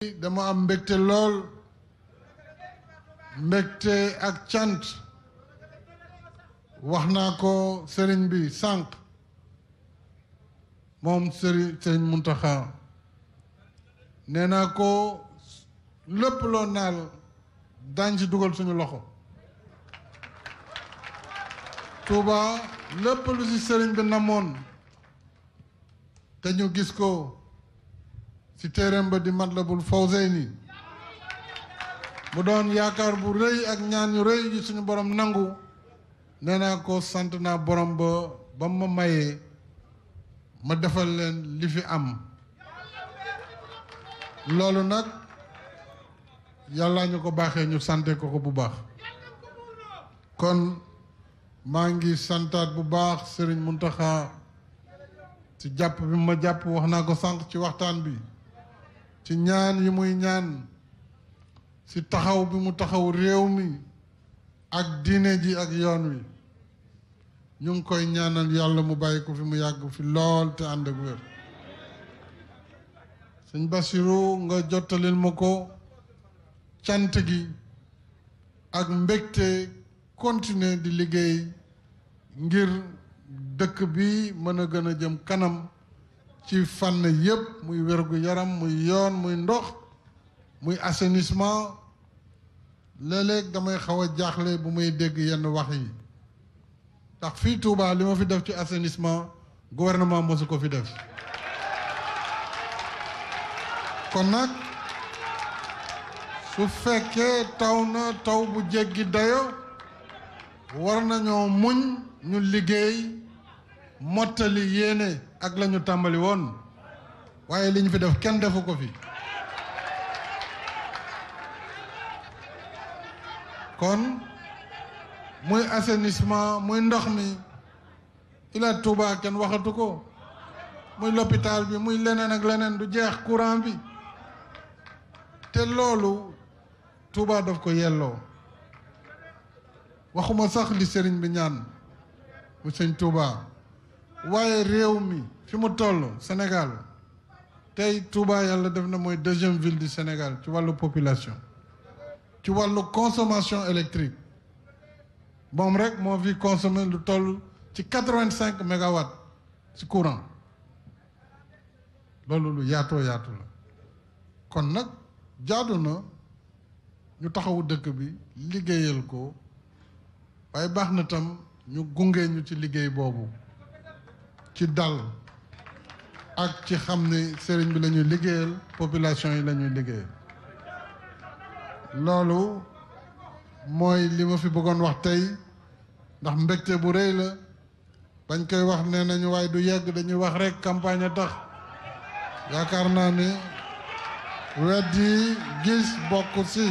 dama am mbégte lool mbégte ak cant wax naa ko sëriñ bi sànq moom sëri sëriñ Muntaxa nee naa ko lépp loo naal daañ ci dugal suñu loxo Touba lépp lu ci sëriñ bi namoon te ñu gis ko ci téereem ba di matlabul fawzayni mu doon yaakaar bu rëy ak ñaan yu rëy yi suñu borom nangu nee naa ko sant naa borom ba ba ma mayee ma defal leen li fi am loolu nag yàlla ñu ko baaxee ñu sante ko ko bu baax kon maa ngi santaat bu baax Serigne Mountakha ci jàpp bi ma jàpp wax naa ko sànq ci waxtaan bi ci ñaan yi muy ñaan ci taxaw bi mu taxaw réew mi ak diine ji ak yoon wi ñu ngi koy ñaanal yàlla mu bàyyi ko fi mu yàgg fi lool te ànd ak wér sëñ Basiru nga jottalil ma ko cant gi ak mbégte continuer di liggéey ngir dëkk bi mën a gën a jëm kanam ci fànn yëpp muy wér-gu-yaram muy yoon muy ndox muy assainissement léeg damay xaw a jaaxle bu may dégg yenn wax yi ndax fii Touba li ma fi def ci assainissement gouvernement mosu ko fi def kon nag su fekkee taw na taw bu jéggi dayo war nañoo muñ ñu liggéey mottali yéene ak lañu tàmbali woon waaye li fi def kenn defu ko fi kon muy assainissement muy ndox mi ila Touba kenn waxatu ko muy l'hôpital bi muy leneen ak leneen du jeex courant bi te loolu Touba daf ko yelloo waxuma sax li sëriñ bi ñaan mu sëñ Touba waaye réew mi fi mu toll Sénégal tey Touba yàlla def na mooy deuxième ville du Sénégal ci wàllu population ci wàllu consommation électrique moom rek moo fi consommé lu toll ci quatre-vingt-cinq mégawatts ci courant loolu lu yaatoo yaatu la kon nag jaadu na ñu taxawu dëkk bi liggéeyal ko waaye baax na tam ñu gunge ñu ci liggéey boobu ci dal ak ci xam ni sëriñ bi lañuy liggéeyal population yi lañuy ñuy liggéeyal loolu mooy li ma fi bëggoon wax tey ndax mbégte bu rëy la bañ koy wax nee nañu waaye du yegg dañuy wax rek campagne a tax yaakaar naa ni wet yi gis bokk si